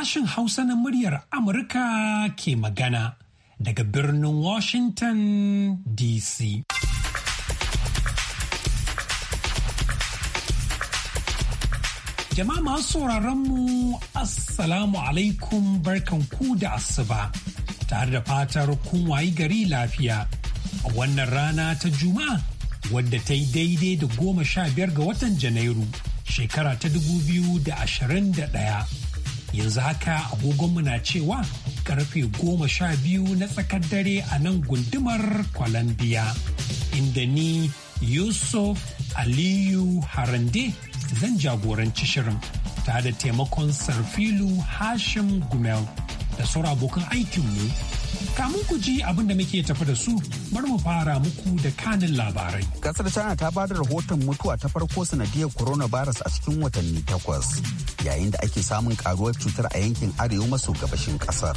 sashen Hausa na muryar Amurka ke magana daga birnin Washington DC. Jama'a masu mu Assalamu alaikum barkan ku da asuba tare da fatar kun wayi gari lafiya a wannan rana ta Juma'a wadda ta yi daidai da goma sha biyar ga watan Janairu shekara ta dubu biyu da ashirin da ɗaya. yanzu haka agogonmu na cewa karfe goma sha biyu na tsakar dare a nan gundumar Colombia. Inda ni Yusuf Aliyu Harande zan jagoranci shirin ta da taimakon Sarfilu Hashim Gumel da sauran abokan aikinmu. Kamun ku ji abin da muke tafi da su bar mu fara muku da kanin labarai. Kasar China ta ba da rahoton mutuwa ta farko sanadiyar coronavirus a cikin watanni takwas. yayin da ake samun karuwar cutar a yankin arewa maso gabashin kasar.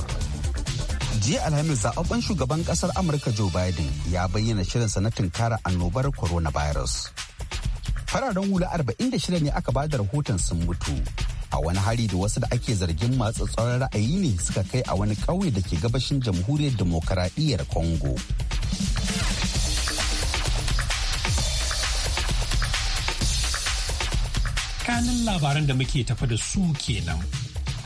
jiya alhamis zaɓaɓɓen shugaban kasar amurka joe biden ya bayyana shirin na tunkara annobar coronavirus fararen hula 46 ne aka ba da rahoton sun mutu a wani hari da wasu da ake zargin masu tsaron ra'ayi ne suka kai a wani ƙauye da ke gabashin jamhuriyar demokaradiyyar congo kanun labaran da muke tafa da su kenan.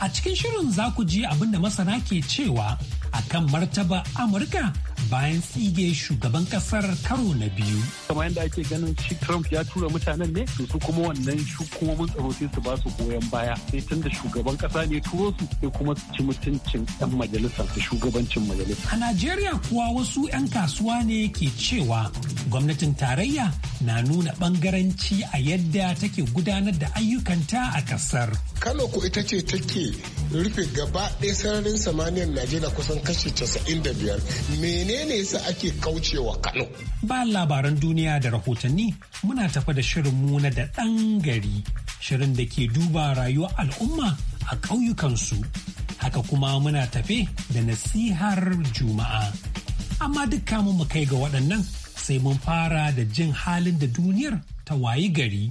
A cikin shirin za ku ji abin da masana ke cewa akan martaba Amurka bayan tsige shugaban kasar karo na biyu. Kamar yadda ake ganin shi Trump ya tura mutanen ne to su kuma wannan hukumomin tsaro sai su ba su goyon baya sai tun da shugaban kasa ne turo su sai kuma su ci mutuncin yan majalisa su shugabancin majalisa. A Najeriya kuwa wasu 'yan kasuwa ne ke cewa gwamnatin tarayya na nuna bangaranci a yadda take gudanar da ayyukanta a kasar. Kano ko ita ce take rufe gaba ɗaya sararin samaniyar Najeriya kusan kashi 95. Me menene yasa ake kaucewa Kano. Ba labaran duniya da rahotanni muna tafa da shirin mu na da ɗan gari, shirin da ke duba rayuwar al'umma a ƙauyukansu. Haka kuma muna tafe da nasihar Juma'a. Amma duk kamun mu kai ga waɗannan sai mun fara da jin halin da duniyar ta wayi gari.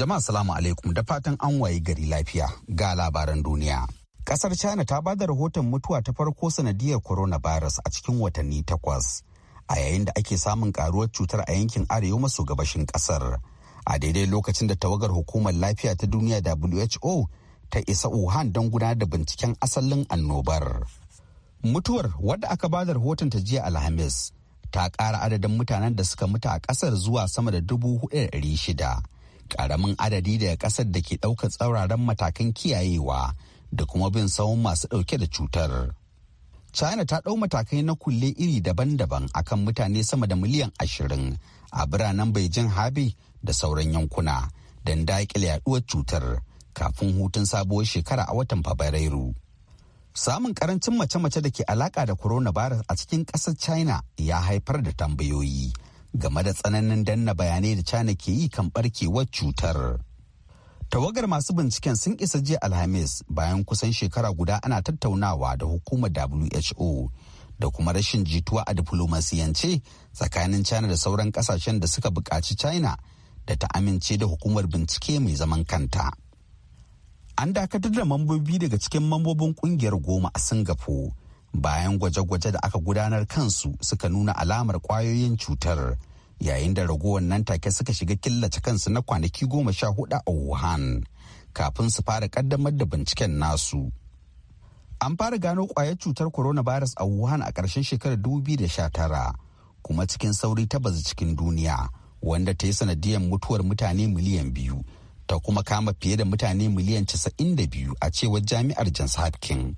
Jama'a salamu alaikum da fatan an waye gari lafiya ga labaran duniya. Kasar China ta ba da rahoton mutuwa ta farko sanadiyar coronavirus a cikin watanni takwas, a yayin da ake samun karuwar cutar a yankin arewa maso gabashin kasar. A daidai lokacin da tawagar hukumar lafiya ta duniya WHO ta isa Wuhan don gudanar da binciken asalin annobar. Mutuwar wadda aka ba da rahoton ta jiya Alhamis ta kara adadin mutanen da suka mutu a kasar zuwa sama da dubu shida. Karamin adadi daga ƙasar da ke ɗaukar tsauraran matakan kiyayewa da kuma bin sawun masu ɗauke da cutar. China ta ɗau matakai na kulle iri daban-daban akan mutane sama da miliyan ashirin a biranen Beijing habi da sauran yankuna don daƙile yaɗuwar cutar kafin hutun sabuwar shekara a watan Fabrairu. Samun karancin mace-mace da ke alaƙa da coronavirus a cikin ƙasar China ya haifar da tambayoyi game da tsananin danna bayanai da China ke yi kan ɓarkewar cutar. tawagar masu binciken sun isa jiya alhamis bayan kusan shekara guda ana tattaunawa da hukumar who da kuma rashin jituwa a diplomasiyance tsakanin china da sauran kasashen da suka bukaci china da ta amince da hukumar bincike mai zaman kanta an dakatar da mambobi daga cikin mambobin kungiyar goma a singapore bayan gwaje-gwaje da aka gudanar kansu suka nuna alamar kwayoyin cutar. yayin da ragowar nan take suka shiga killace kansu na kwanaki goma sha hudu a wuhan kafin su fara kaddamar da binciken nasu an fara gano kwayar cutar corona coronavirus a wuhan a ƙarshen shekarar 2019 kuma cikin sauri ta bazu cikin duniya wanda ta yi sanadiyar mutuwar mutane miliyan biyu ta kuma kama fiye da mutane miliyan 92 a cewar jami'ar johns hopkins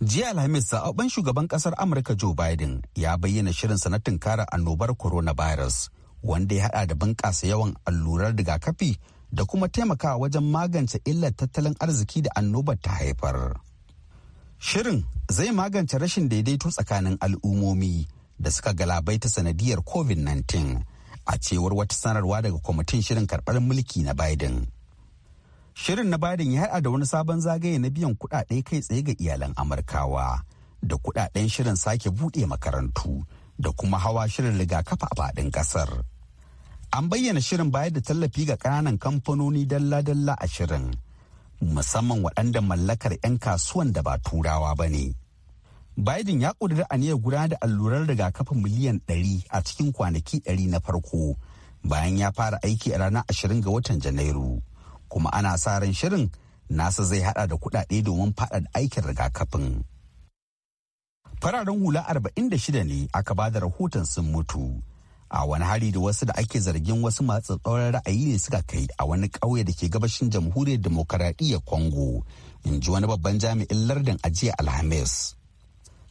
jiya alhamis zaɓaɓɓen shugaban ƙasar amurka joe biden ya bayyana shirin sanatin tunkarar annobar coronavirus wanda ya haɗa da bunƙasa yawan allurar rigakafi da kuma taimakawa wajen magance illar tattalin arziki da annobar ta haifar shirin zai magance rashin daidaito tsakanin al'ummomi da suka galabaita sanadiyar covid-19 a cewar wata sanarwa daga kwamitin shirin karɓar mulki na biden Shirin na Biden ya haɗa da wani sabon zagaye na biyan kuɗaɗe kai tsaye ga iyalan Amurkawa da kuɗaɗen shirin sake buɗe makarantu da kuma hawa shirin rigakafa a faɗin ƙasar. An bayyana shirin bayar da tallafi ga ƙananan kamfanoni dalla-dalla a shirin, musamman waɗanda mallakar 'yan kasuwan da ba turawa ba ne. Biden ya ƙudiri aniyar gudanar da allurar rigakafi miliyan 100 a cikin kwanaki 100 na farko bayan ya fara aiki a ranar 20 ga watan Janairu. kuma ana sa ran shirin nasa zai hada da kudade domin faɗaɗa aikin rigakafin. Fararen hula 46 ne aka ba da rahoton sun mutu. A wani hari da wasu da ake zargin wasu masu tsauran ra'ayi ne suka kai a wani ƙauye da ke gabashin jamhuriyar demokaradiyyar Congo, in ji wani babban jami'in lardin ajiya Alhamis.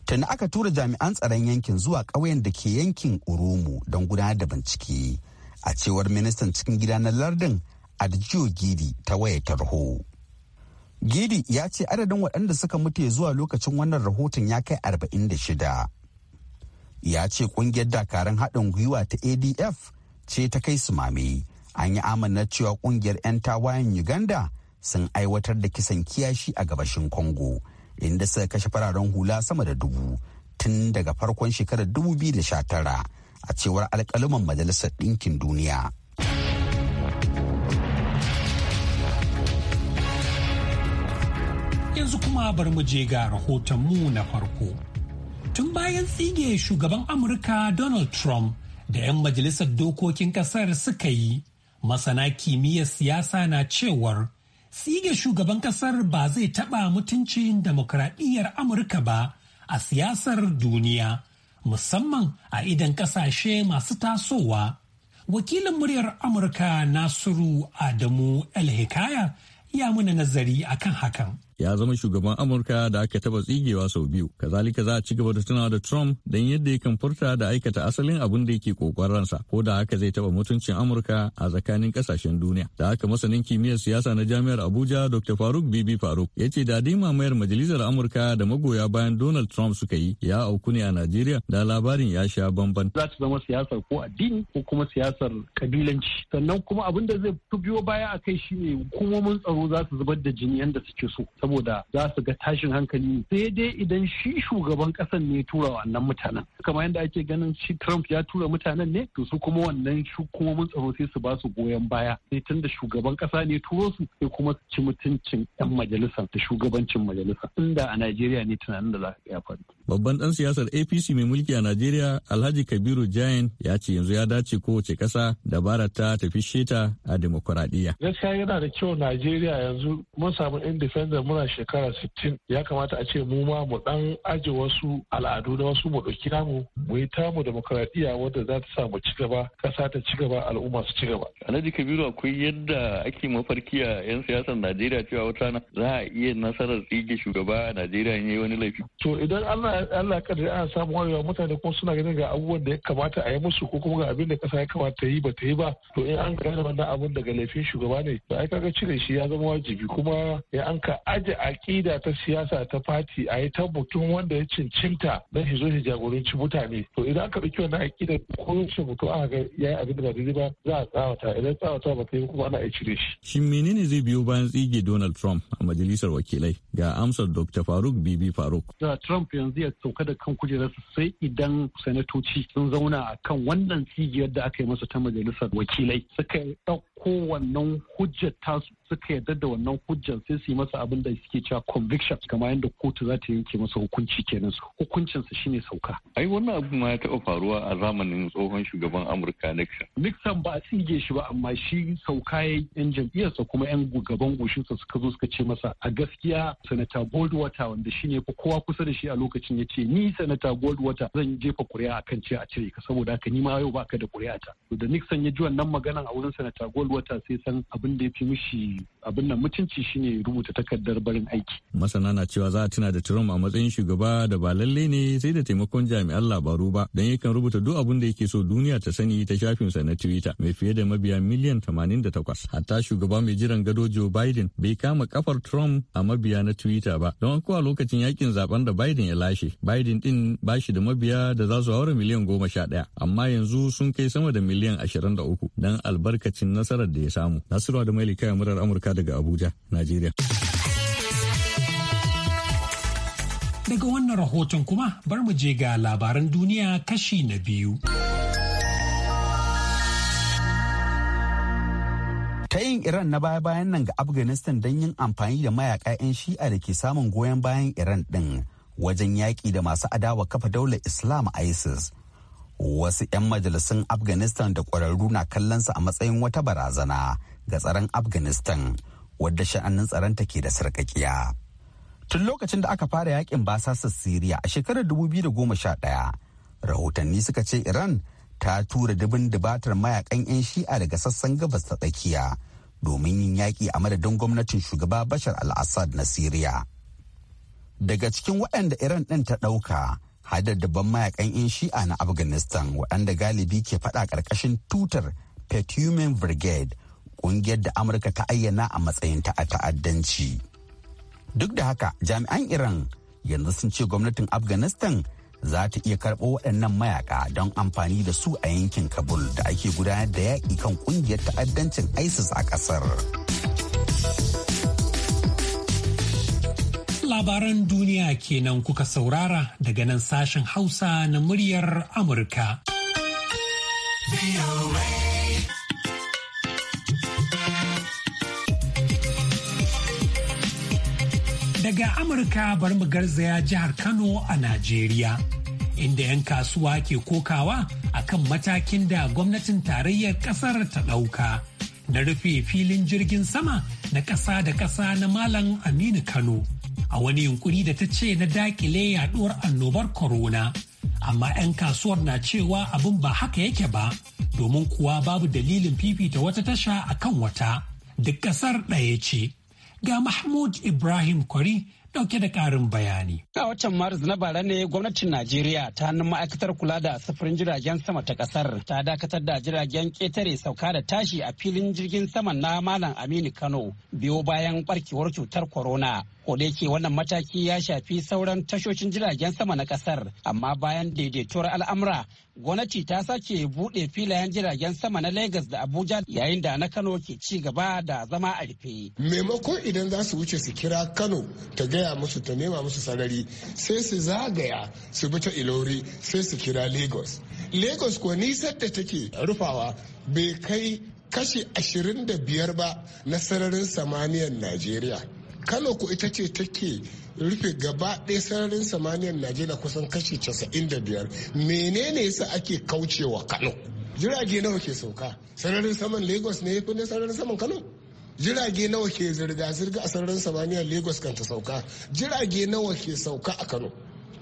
Tani aka tura jami'an tsaron yankin zuwa ƙauyen da ke yankin urumu don gudanar da bincike. A cewar ministan cikin gida na lardin adjio Gidi ta waya tarho. Gidi ya ce adadin waɗanda suka mutu zuwa lokacin wannan rahoton ya kai arba'in 46. Ya ce ƙungiyar dakarun haɗin gwiwa ta ADF ce ta kai su mame. An yi amana cewa ƙungiyar 'yan tawayen Uganda sun aiwatar da kisan kiyashi a gabashin Congo, inda suka kashe fararen hula sama da dubu tun daga farkon shekarar 2019 a cewar alƙaluman Majalisar Ɗinkin Duniya. yanzu kuma bari mu je ga rahotonmu na farko. Tun bayan tsige shugaban Amurka Donald Trump da 'yan majalisar dokokin kasar suka yi, masana kimiyyar siyasa na cewar tsige shugaban kasar ba zai taɓa mutuncin demokradiyyar Amurka ba a siyasar duniya, musamman a idan kasashe masu tasowa. Wakilin muryar Amurka Nasiru Adamu El-Hikaya ya muna nazari akan hakan. ya zama shugaban Amurka da aka taba tsigewa sau biyu. Kazalika za a ci gaba da tunawa da Trump don yadda yakan furta da aikata asalin abin da yake kokarinsa ko da haka zai taba mutuncin Amurka a tsakanin kasashen duniya. Da haka masanin kimiyyar siyasa na Jami'ar Abuja Dr. Faruk Bibi Faruk ya ce dadi mamayar majalisar Amurka da magoya bayan Donald Trump suka yi ya auku ne a Najeriya da labarin ya sha bamban. Za ta zama siyasar ko addini ko kuma siyasar kabilanci. Sannan kuma abin da zai biyo baya a kai shine hukumomin tsaro za su zubar da jini yadda suke so. saboda za su ga tashin hankali sai dai idan shi shugaban kasan ne tura wannan mutanen kamar yadda ake ganin shi Trump ya tura mutanen ne to su kuma wannan hukumomin tsaro sai su ba su goyon baya sai tun da shugaban kasa ne turo su sai kuma su ci mutuncin yan majalisa da shugabancin majalisa inda a Najeriya ne tunanin da za ka ya faru babban dan siyasar APC mai mulki a Najeriya Alhaji Kabiru Jain ya ce yanzu ya dace kowace kasa dabara ta tafi sheta a demokuraɗiyya gaskiya yana da kyau Najeriya yanzu mun samu independent muna shekara 60 ya kamata a ce mu ma mu dan aje wasu al'adu na wasu mu dauki namu mu yi tamu demokaradiyya wadda za ta sa mu ci gaba ƙasa ta ci gaba al'umma su ci gaba. Alhaji Kabiru akwai yadda ake mafarki a 'yan siyasar Najeriya cewa wata na za a iya nasarar tsige shugaba a Najeriya in yi wani laifi. To idan Allah kadar ana samu wayewa mutane kuma suna ganin ga abubuwan da ya kamata a yi musu ko kuma ga abin da kasa ya kamata ta yi ba ta yi ba to in an gane wannan abun daga laifin shugaba ne to ai kaga cire shi ya zama wajibi kuma ya an ka canja aƙida ta siyasa ta fati a yi ta mutum wanda ya cincinta na shi zo shi jagoranci mutane to idan aka ɗauki wannan aƙida ko shi mutum aka ga ya yi abin da ba daidai ba za a tsawata idan tsawata ba ta yi kuma ana iya cire shi. shin menene zai biyo bayan tsige donald trump a majalisar wakilai ga amsar dr faruk bibi faruk. da trump yanzu ya sauka da kan kujerarsa sai idan sanatoci sun zauna a kan wannan tsigiyar da aka yi masa ta majalisar wakilai suka ɗauka kowannan hujjar tasu suka yarda da wannan hujjar sai su yi masa abin da suke cewa conviction kamar yadda kotu za ta yanke masa hukunci kenan su su shine sauka. Ai wannan abu ma ya taɓa faruwa a zamanin tsohon shugaban Amurka Nixon. Nixon ba a tsige shi ba amma shi sauka ya yan sa kuma yan gaban goshinsa suka zo suka ce masa a gaskiya sanata Goldwater wanda shine fa kowa kusa da shi a lokacin ya ce ni sanata Goldwater zan jefa kuri'a akan ce a cire ka saboda haka ni ma yau ba ka da kuri'a ta. Da Nixon ya ji wannan maganan a wurin sanata Goldwater wata sai san abin da ya fi mishi abin nan mutunci shine rubuta takardar barin aiki. Masana na cewa za a tuna da Trump a matsayin shugaba da ba lalle ne sai da taimakon jami'an labaru ba don yakan rubuta duk abin da yake so duniya ta sani ta shafinsa na Twitter mai fiye da mabiya miliyan 88. Hatta shugaba mai jiran gado Joe Biden bai kama kafar Trump a mabiya na Twitter ba don ko a lokacin yakin zaben da Biden ya lashe. Biden din bashi da mabiya da za su haura miliyan goma sha ɗaya amma yanzu sun kai sama da miliyan ashirin da uku don albarkacin nasara nasarar da ya samu nasiru da mailika murar amurka daga abuja najeriya daga wannan rahoton kuma bar mu je ga labaran duniya kashi na biyu ta yin iran na baya-bayan nan ga afghanistan don yin amfani da mayaka 'yan shi'a da ke samun goyon bayan iran ɗin wajen yaƙi da masu adawa kafa daular islam isis wasu 'yan majalisun afghanistan da ƙwararru na kallonsa a matsayin wata barazana ga tsaron afghanistan wadda sha'anin tsaronta ke da sarkakiya tun lokacin da aka fara yakin basasar siriya a shekarar sha ɗaya, rahotanni suka ce iran ta tura dubin dubatar mayakan 'yan shi'a daga sassan gabas ta tsakiya domin yin yaƙi a madadin gwamnatin shugaba bashar al-assad na siriya daga cikin waɗanda iran ɗin ta ɗauka hadar dabban mayakan 'yan shi'a na afghanistan waɗanda galibi ke faɗa ƙarƙashin tutar petumen brigade ƙungiyar da amurka ta ayyana a matsayin ta ta'addanci duk da haka jami'an iran yanzu sun ce gwamnatin afghanistan za ta iya karɓo waɗannan mayaka don amfani da su a yankin kabul da ake gudanar da yaƙi kan ƙungiyar ta'addancin isis a ƙasar. labaran duniya kenan kuka saurara daga nan sashen Hausa na muryar Amurka. Daga Amurka bar mu garzaya jihar Kano a Najeriya, inda 'yan kasuwa ke kokawa akan matakin da gwamnatin tarayyar ƙasar ta ɗauka na rufe filin jirgin sama na ƙasa da ƙasa na Malam Aminu Kano. a wani yunkuri da ta ce na dakile yaduwar annobar corona amma 'yan kasuwar na cewa abin ba haka yake ba domin kuwa babu dalilin fifita wata tasha a kan wata duk ƙasar ɗaya ce ga mahmud ibrahim kwari dauke da karin bayani. A watan Maris na bara ne gwamnatin Najeriya ta hannun ma'aikatar kula da sufurin jiragen sama ta kasar ta dakatar da jiragen ketare sauka da tashi a filin jirgin sama na Malam Aminu Kano biyo bayan barkewar cutar corona. ko da yake wannan mataki ya shafi sauran tashoshin jiragen sama na kasar amma bayan daidaituwar al'amura gwamnati ta sake buɗe filayen jiragen sama na lagos da abuja yayin da na kano ke ci gaba da zama a rufe maimakon idan za su wuce su kira kano ta gaya musu ta nema musu sarari sai su zagaya su bi ta ilori sai su kira lagos lagos ko nisan da take rufawa bai kai kashi 25 ba na sararin samaniyar najeriya kano ko ita ce take rufe gaba ɗaya sararin samaniyar najeriya kusan kashi 95 menene yasa ake kaucewa kano jirage nawa ke sauka sararin saman lagos ne yafi sararin saman kano jirage nawa ke zirga-zirga a sararin samaniyar lagos kan ta sauka jirage nawa ke sauka a kano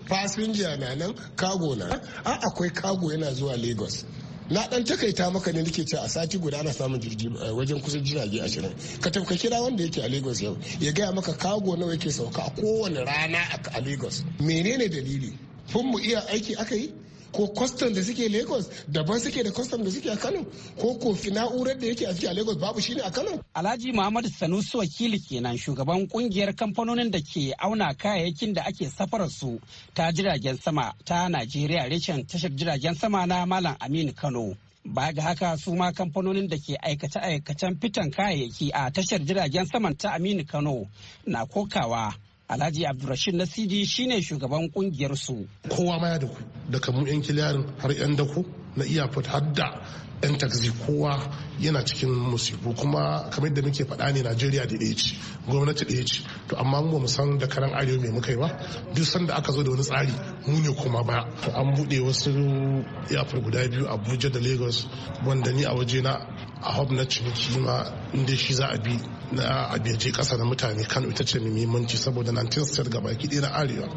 fasinja na nan kago na a akwai kago yana zuwa lagos na dan takaita maka ne nake cewa a sati guda ana samun jirgi eh, wajen kusan jirage ashirin ka tafka kira wanda yake a lagos yau ya gaya maka kago nawa yake sauka a kowane rana a lagos menene dalili fun mu iya aiki aka yi ko kwastam da suke lagos daban suke da kwastam da suke a kano ko kofi na'urar da yake a a lagos babu shine a kano alhaji muhammadu Sanusu wakili kenan shugaban kungiyar kamfanonin da ke auna kayayyakin da ake safarar su ta jiragen sama ta najeriya reshen tashar jiragen sama na malam aminu kano baya ga haka su ma kamfanonin da ke aikace-aikacen fitan kayayyaki a tashar jiragen saman ta aminu kano na kokawa Alhaji Abdulrashid nasiji shine shugaban kungiyar su. Kowa ma ya daku daga mu yan kiliyarin har yan dako na iya har da yan takzi kowa yana cikin musibu kuma kamar da muke faɗa ne Najeriya da ɗaya ce gwamnati ɗaya ce to amma mu mu san da karan arewa mai muka yi ba duk sanda aka zo da wani tsari mu ne kuma ba to an buɗe wasu ya guda biyu a Abuja da Lagos wanda ni a waje na a hob na ciniki ma inda shi za a bi na abinci kasa da mutane kano ita ce mai muhimmanci saboda 19 state gaba ki na arewa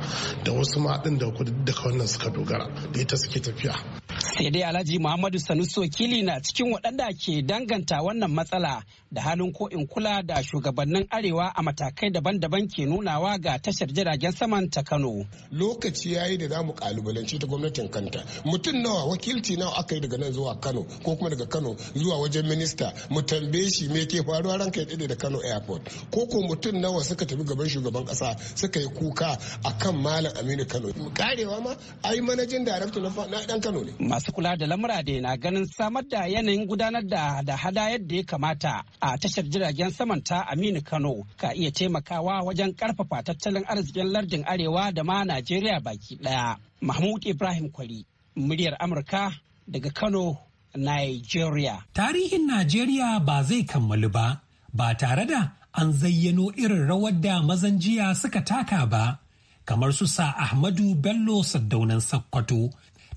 da wasu ma din da kudu duka wannan suka dogara da ita suke tafiya sai dai alhaji muhammadu sanusi wakili na cikin waɗanda ke danganta wannan matsala da halin ko in kula da shugabannin arewa a matakai daban-daban ke nunawa ga tashar jiragen saman ta kano lokaci ya yi da za mu kalubalanci ta gwamnatin kanta mutum nawa wakilci nawa aka yi daga nan zuwa kano ko kuma daga kano zuwa wajen minista mu tambaye shi me ke faruwa ranka ya da kano airport ko ko mutum nawa suka tafi gaban shugaban kasa suka yi kuka akan malam aminu kano karewa ma ai manajin darakta na dan kano ne masu kula da lamura da na ganin samar da yanayin gudanar da da hada yadda ya kamata a tashar jiragen saman ta Aminu Kano ka iya taimakawa wajen karfafa tattalin arzikin lardin Arewa da ma Najeriya baki daya. Mahmud Ibrahim Kwari, muryar Amurka daga Kano, Nigeria. Tarihin Najeriya ba zai kammalu ba, ba tare da an zayyano irin rawar da mazan jiya suka taka ba, kamar su sa Ahmadu Bello Saddaunan Sakkwato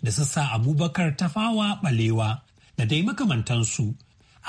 da su abubakar tafawa balewa da dai makamantansu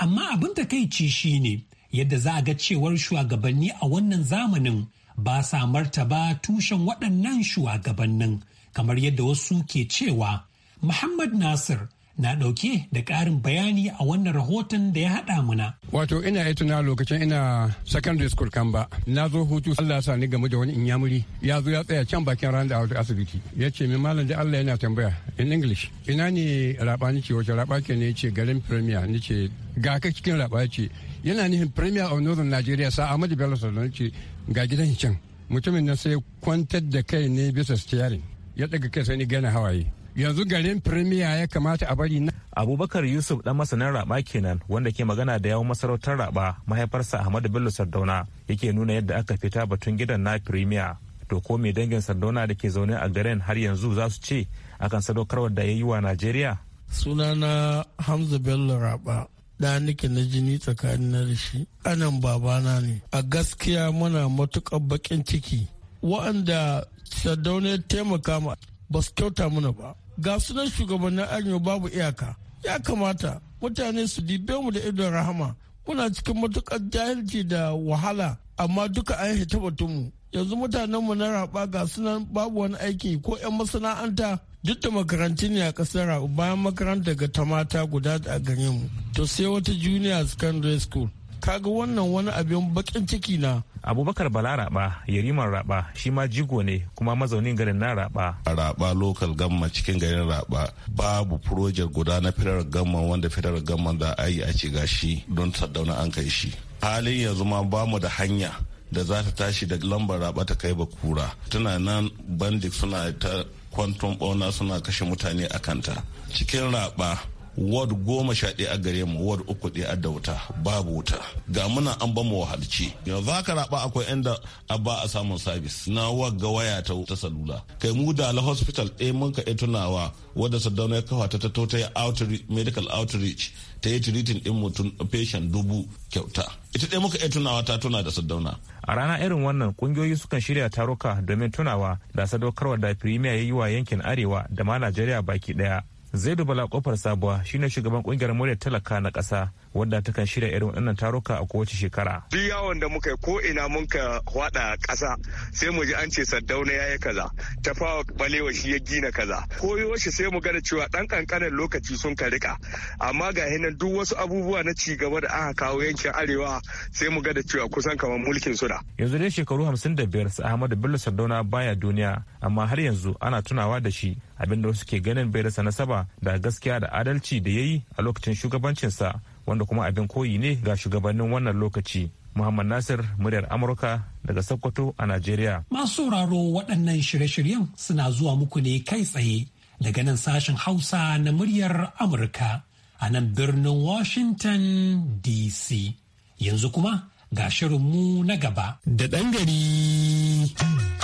amma abin shi ne yadda za a ga cewar shugabanni a wannan zamanin ba sa martaba tushen waɗannan shugabannin kamar yadda wasu ke cewa muhammad nasir na ɗauke da ƙarin bayani a wannan rahoton da ya haɗa muna. Wato ina yi tuna lokacin ina secondary school kan ba, na zo hutu Allah sa ni game da wani inyamuri ya zo ya tsaya can bakin ran da asibiti. Ya ce min malam da Allah yana tambaya in English. Ina ne raba ni ce wace raba ke ne ce garin premier ni ce ga ka cikin raba ce yana nihin premier of northern Nigeria sa Ahmadu Bello Sardar ce ga gidan can. Mutumin nan sai kwantar da kai ne bisa steering ya ɗaga kai sai ni gane hawaye. yanzu garin firimiya ya kamata a bari na. abubakar yusuf dan masanin raba kenan wanda ke magana da yawon masarautar raba mahaifarsa ahmadu bello sardauna yake nuna yadda aka fita batun gidan na firimiya to ko mai dangin sardauna da ke zaune a garin har yanzu za su ce akan sadaukarwar da ya yi wa najeriya. sunana hamza bello raba da nake na jini tsakanin na da anan babana ne a gaskiya muna matukar bakin ciki wa'anda sardauna ya taimaka ma ba su kyauta mana ba ga sunan shugabannin arewa babu iyaka ya kamata mutane su dibe mu da idon rahama muna cikin matukar jahilci da wahala amma duka an hita batunmu yanzu mutanen mu na raba ga sunan babu wani aiki ko 'yan masana'anta duk da makarantu ne a kasar bayan makaranta ga tamata guda a gare mu to sai wata junior secondary school kaga wannan wani abin bakin ciki na abubakar bala raba yariman raba shi ma jigo ne kuma mazaunin garin na raba a raba lokal gamma cikin garin raba babu projet guda na firar gamma wanda firar gamma za a yi a ci gashi don saddauna an kai shi halin yanzu ma bamu da hanya da za ta tashi da lambar raba ta kai bakura tana nan bandit suna ta kwanton bauna suna kashe mutane a kanta cikin raba ward goma sha ɗaya a gare mu ward uku ɗaya da wuta babu wuta ga muna an ba mu wahalci yanzu haka raba akwai inda a ba a samun sabis na wagga waya ta ta salula kai mu da la hospital ɗaya mun ka tunawa wadda sadauna ya kafa ta tato ta outreach medical outreach ta yi tiritin ɗin mutum patient dubu kyauta ita ɗaya muka ɗaya tunawa ta tuna da sadauna a rana irin wannan kungiyoyi sukan shirya taruka domin tunawa da sadaukarwa da firimiya ya yi wa yankin arewa da ma najeriya baki ɗaya zaidu bala kofar sabuwa shine shugaban kungiyar murya talaka na ƙasa wadda ta kan shirya irin wannan taruka a kowace shekara duk yawon da muka yi ko ina mun ka hwada ƙasa sai mu ji an ce saddauna ya yi kaza tafawa balewa shi ya gina kaza Ko shi sai mu gane cewa ɗan ƙanƙanin lokaci sun ka rika amma ga hinan duk wasu abubuwa na ci gaba da aka kawo yankin arewa sai mu gane cewa kusan kamar mulkin da. yanzu dai shekaru hamsin da biyar ahmadu bello sardauna baya duniya amma har yanzu ana tunawa da shi Abin da wasu ke ganin bai rasa nasaba da gaskiya da adalci da ya yi a lokacin shugabancinsa wanda kuma abin koyi ne ga shugabannin wannan lokaci. Muhammad Nasir muryar Amurka daga Sokoto a Najeriya. Masu sauraro waɗannan shirye-shiryen suna zuwa muku ne kai tsaye daga nan sashen Hausa na muryar Amurka a nan birnin Washington DC. Yanzu kuma ga shirinmu na gaba. Da ɗan gari.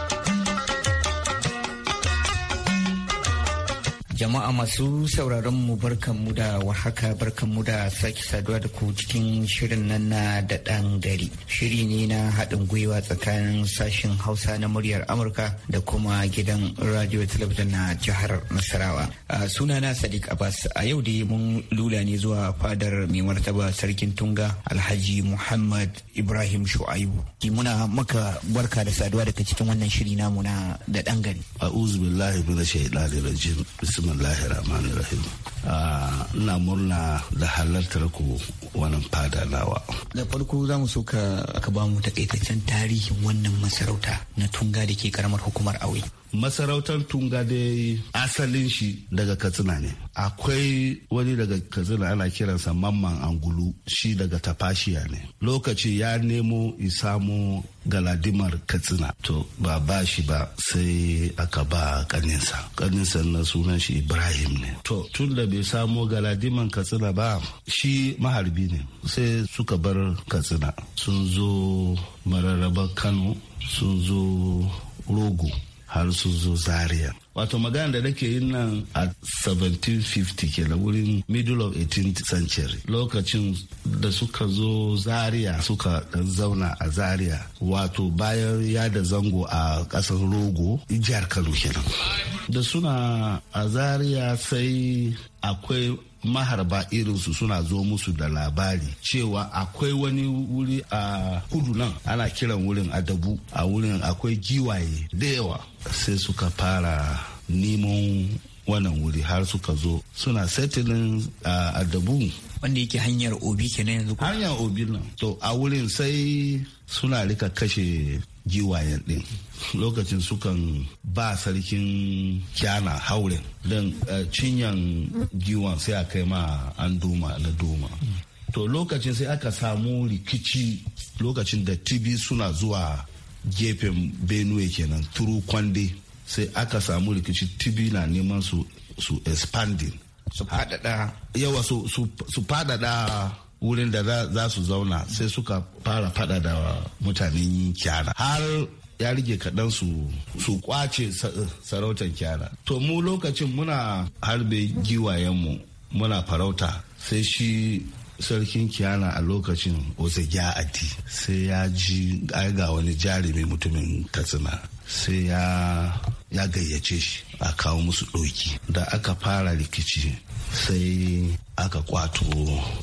Jama'a masu sauraron mu barkanmu da wahaka mu da sake saduwa da ku cikin shirin nan na da ɗan gari. Shiri ne na haɗin gwiwa tsakanin sashen Hausa na muryar Amurka da kuma gidan Radio Talabijin na jihar Nasarawa. Sunana Sadiq Abbas a yau dai mun lula ne zuwa fadar mai martaba sarkin Tunga Alhaji Muhammad Ibrahim Shu'aibu. Muna maka barka da saduwa daga cikin wannan shiri namu na da dan gari. A'udhu billahi minash shaitanir rajim. bismillahir rahmanir rahim ah, ina murna da halartar ku wannan fada nawa da farko za mu so ka ba mu takaitaccen tarihin wannan masarauta na tunga da ke karamar hukumar aure masarautar tunga dai asalin shi daga katsina ne akwai wani daga katsina ana kiransa mamman angulu shi daga tafashiya ne lokaci ya nemo isamu galadimar katsina to ba ba shi ba sai aka ba kaninsa kaninsa na sunan shi ibrahim ne to tun da bai samo galadiman katsina ba shi maharbi ne sai suka bar katsina sun zo mararraba kano sun zo rogo har su zo zaria wato magana da nake yi nan a 1750 kenan wurin middle of 18th century lokacin da suka zo zaria suka zauna a zaria wato bayan yada zango a kasar rogo jihar kano kenan da suna a Zariya sai akwai maharba irin su suna zo musu da labari cewa akwai wani wuri a kudu nan ana kiran wurin adabu a wurin akwai giwaye da yawa sai suka fara neman wannan wuri har suka zo suna settling a uh, adabu wanda yake hanyar obi kenan yanzu hanyar obi nan to a wurin sai suna rika kashe giwayen din lokacin sukan ba sarkin kyana hauren don eh, cinyan giwan sai a kai ma an doma na doma to lokacin sai aka samu rikici lokacin da tibi suna zuwa gefen benue kenan turu kwande sai aka samu rikici tibi na neman su su expanding su faɗaɗa yawa su faɗaɗa wurin da za su zauna sai suka fara faɗa da mutanen kyara har ya rige kaɗan su su kwace sarautar kyara to mu lokacin muna harbe giwayen mu muna farauta sai shi sarkin kiyana a lokacin wasu ati sai ya ji ga wani jarumi mutumin katsina sai ya ya gayyace shi a kawo musu ɗoki da aka fara rikici sai aka kwato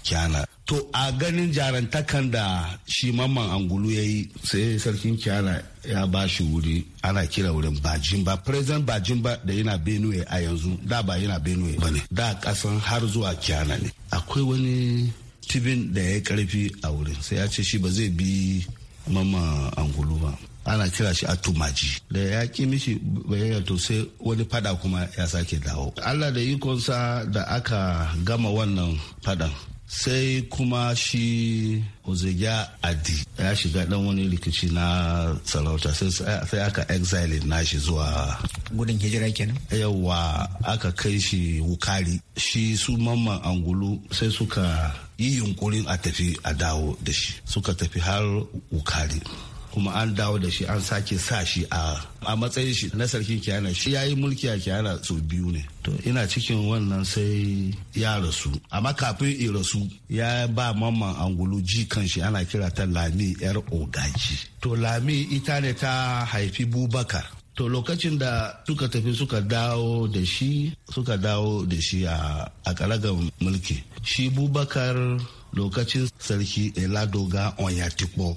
kyana to a ganin jarantakan da shi mamman angulu ya yi sai sarkin kyana ya ba shi wuri ana kira wurin bajin ba president bajin ba da yana benue a yanzu da ba yana benue ba ne da kasan har zuwa kyana ne akwai wani tibin da ya yi karfi a wurin sai ya ce shi ba zai bi mamman angulu ba ana kira shi atumaji da ya ki mishi bayyana to sai wani fada kuma ya sake dawo allah da ikonsa da aka gama wannan fadan sai kuma shi ozegya adi ya shiga dan wani rikici na sarauta sai aka exile nashi zuwa gudun hijira kenan yawa aka kai shi wukari shi su mamman angulu sai suka yi yunkurin a tafi a dawo da shi suka tafi har wukari kuma an dawo da shi an sake sa shi a a matsayin shi na sarkin kiyana shi Ya yi mulki a kiyana su biyu ne to ina cikin wannan sai ya rasu amma kafin ya rasu ya ba mamman angulu ji kan shi ana kira ta lami yar ogaji to lami ita ne ta haifi bubakar to lokacin da suka tafi suka dawo da shi suka dawo da shi a karagar mulki shi bubakar lokacin sarki eladoga onyatikpo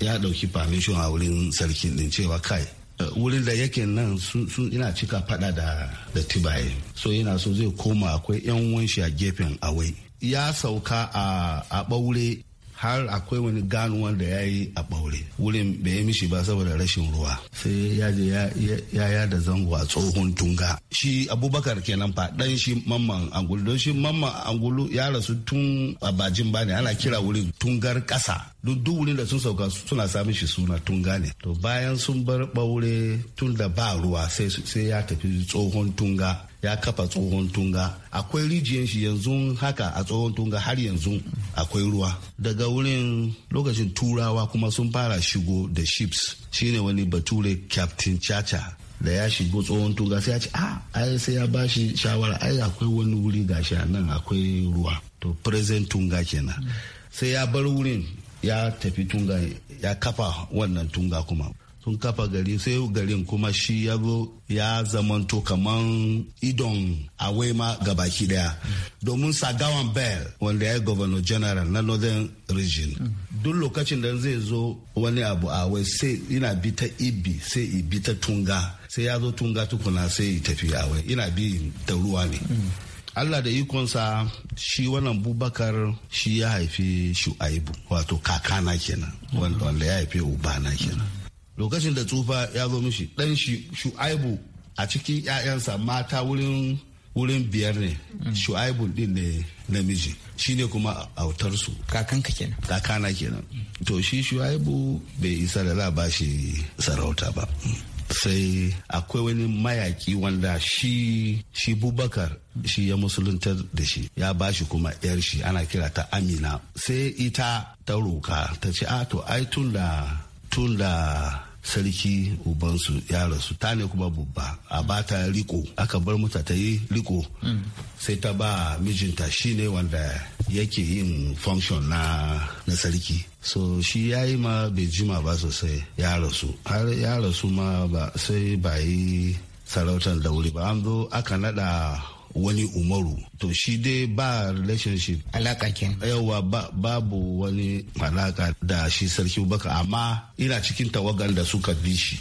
ya dauki permission a wurin sarki din cewa kai eh, wurin da yake nan sun ina cika fada da da tibaye so yana so zai koma akwai yan wanshi a gefen awai ya sauka a ɓaure har akwai wani gano wanda ya yi a ɓaure wurin bai yi mishi ba saboda rashin ruwa sai ya je ya ya da zango a tsohon tunga shi abubakar kenan fa dan shi mamman angulu don shi mamman angulu ya rasu tun a bajin bane ana kira wurin tungar ƙasa duk duk wurin da sun sauka suna samun shi suna tunga ne to bayan sun bar ɓaure tun da ba ruwa sai ya tafi tsohon tunga ya kafa tsohon tunga akwai rijiyan shi yanzu haka a tsohon tunga har yanzu akwai ruwa daga wurin lokacin turawa kuma sun fara shigo da ships shine wani bature captain chacha da ya shigo tsohon tunga sai ya ce a ah, sai ya bashi shawara ai akwai wani wuri gashi a nan akwai ruwa to present tunga kenan sai ya bar wurin ya tafi tunga ya kafa wannan tunga kuma sun kafa gari sai garin kuma shi ya zo ya zamanto kaman idon awai ma baki daya domin sagawan bell wanda ya yi governor general na northern region duk lokacin da zai zo wani abu awai sai ina bi ta ibi sai ibi ta tunga sai ya zo tunga tukuna sai tafi awai ina bi da ruwa ne Allah da ikonsa shi wannan bubakar shi ya haifi shu'aibu wato kakana kenan wanda ya haifi ubana kenan lokacin da tsufa ya zo mishi dan shi shu'aibu a cikin 'ya'yansa mata wurin wurin biyar ne shu'aibu din ne namiji shine kuma autarsu kakanka kenan kakana kenan to shi shu'aibu bai isa da za ba sarauta ba sai akwai wani mayaki wanda shi shi bubakar shi ya musuluntar da shi ya ba shi kuma yar shi ana kira ta amina sai ita ta roka ta ce a to ai tun da tun da sarki ubansu ya rasu ta ne kuma babba a ba ta riko aka bar mata ta yi riko hmm. sai ta ba mijinta shi ne wanda yake yin function na, na sarki so shi ya yi ma bai jima ba sosai ya rasu har ya rasu ma ba sai ba yi sarautar da wuri ba an zo aka nada wani umaru to shi dai ba relationship alakakin yawa babu wani alaka da shi sarki baka amma ina cikin tawagar da suka bi shi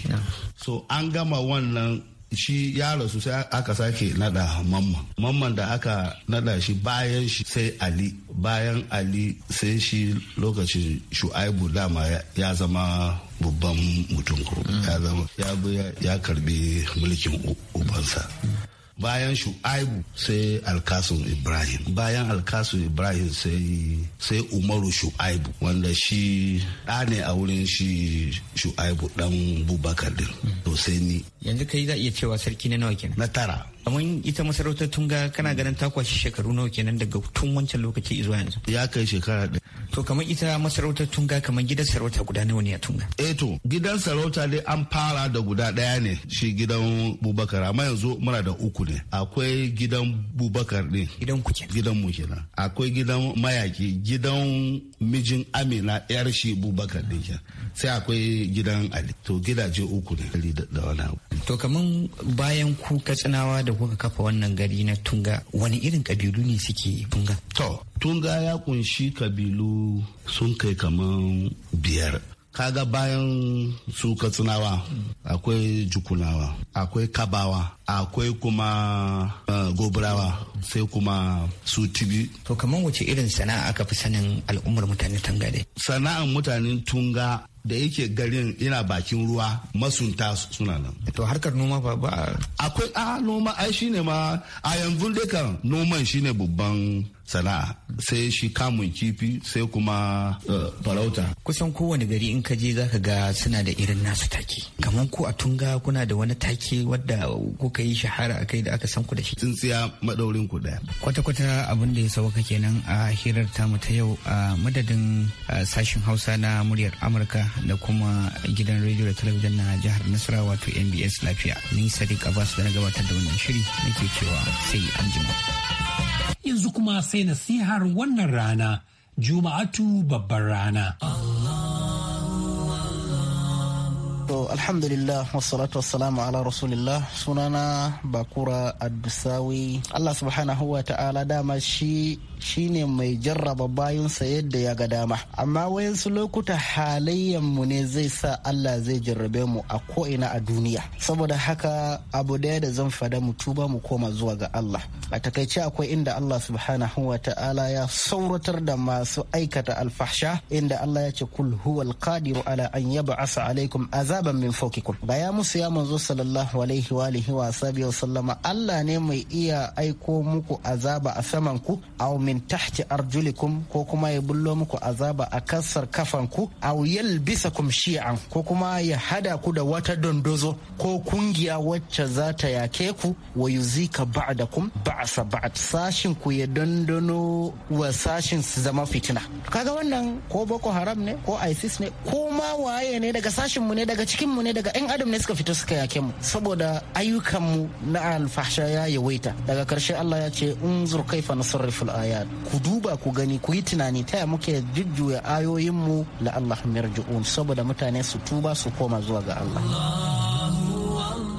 so an gama wannan shi ya rasu sai aka sake nada mamman mamman da aka nada shi bayan shi sai ali bayan ali sai shi lokacin shu'aibu dama ya zama babban mutum ya zama ya karbi mulkin ubansa bayan shu'aibu sai alkasun ibrahim bayan alkasun ibrahim sai umaru shu'aibu wanda shi ɗa ne a wurin shi shu'aibu ɗan bubakar din to sai ni yanzu kai za iya cewa sarki na nawa kenan na tara Kamar ita masarautar tunga kana ganin ta kwashi shekaru nawa kenan daga tun wancan lokaci zuwa yanzu. Ya kai shekara ɗaya. To kamar ita masarautar tunga kamar gidan sarauta guda nawa ne a tunga? Eh to gidan sarauta dai an fara da guda ɗaya ne shi gidan Bubakar amma yanzu muna da uku ne. Akwai gidan Bubakar ne. Gidan ku kenan. Gidan mu kenan. Akwai gidan mayaki gidan mijin Amina yar shi Bubakar din kenan. Sai akwai gidan Ali. To gidaje uku ne da wani To kamar bayan ku Katsinawa da kuka kafa wannan gari na tunga wani irin kabilu ne suke tunga to tunga ya kunshi kabilu sun kai kaman biyar kaga bayan su katsinawa akwai jukunawa akwai kabawa akwai kuma uh, eh, goburawa sai kuma su tibi to kamar wace irin sana'a aka fi sanin al'ummar mutane tunga dai sana'ar mutanen tunga da yake garin yana bakin ruwa masunta suna nan. To harkar noma ba ba. Akwai a ah, noma ai shine ma a yanzu dai kan noman shine babban sana'a sai shi kamun kifi sai kuma eh, farauta. Kusan kowane gari in ka je za ka ga suna da irin nasu take. Kamar ko a tunga kuna da wani take wadda kuka yi shahara a kai da aka san ku da shi. Tsintsiya madaurin ku daya. Kwata-kwata abin da ya sauka kenan a hirar tamu ta yau a madadin sashen Hausa na muryar Amurka da kuma gidan rediyo da talabijin na jihar Nasarawa wato NBS Lafiya. Ni Sadiq Abbas da na gabatar da wannan shiri nake cewa sai an jima. Yanzu kuma sai sai nasihar wannan rana juma'atu babbar rana. To alhamdulillah wassalatu wassalamu ala rasulillah sunana bakura addusawi Allah subhanahu wa ta'ala dama shi shine mai jarraba bayansa yadda ya ga dama amma wayansu lokuta mu ne zai sa Allah zai jarrabe mu a ko'ina a duniya saboda haka abu daya da zan fada mu tuba mu koma zuwa ga Allah a takaice akwai inda Allah subhanahu wa ta'ala ya sauratar da masu aikata alfahsha inda Allah ya ce kul huwal qadiru ala an yab'asa alaikum azaban min fawqikum baya musu ya manzo sallallahu alaihi wa alihi wa sallama Allah ne mai iya aiko muku azaba a saman ku min tahti arjulikum ko kuma ya bullo muku azaba a kasar kafanku aw yalbisakum shi'an ko kuma ya hada ku da wata dondozo ko kungiya wacce za ta yake ku wa yuzika ba'dakum ba'sa ba'd sashin ku ya dondono wa sashin su zama fitina kaga wannan ko boko haram ne ko isis ne ko ma waye ne daga sashin mu ne daga cikin mu ne daga yan adam ne suka fito suka yake mu saboda ayyukan mu na alfahsha ya yawaita daga karshe Allah ya ce unzur kaifa nusarrifu al-aya duniya ku duba ku gani ku yi tunani taya muke jujjuya ayoyinmu la Allah yarji'un saboda mutane su tuba su koma zuwa ga Allah.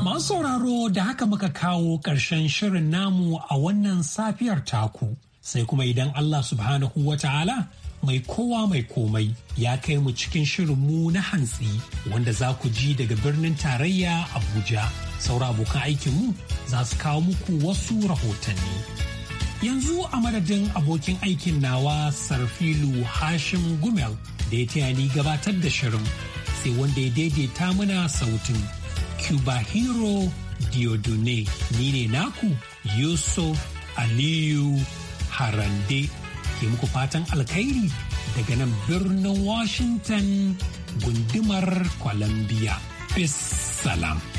Masu sauraro da haka muka kawo ƙarshen shirin namu a wannan safiyar taku sai kuma idan Allah subhanahu wa ta'ala mai kowa mai komai ya kai mu cikin shirin mu na hantsi wanda za ku ji daga birnin tarayya Abuja. Saura abokan mu za su kawo muku wasu rahotanni. yanzu a madadin abokin aikin nawa sarfilu hashim gumel da ya taya ni gabatar da shirin sai wanda ya daidaita muna sautin cuba hero diodune ni ne naku yusuf aliyu harande ke muku fatan alkhairi daga nan birnin washington gundumar columbia peace salam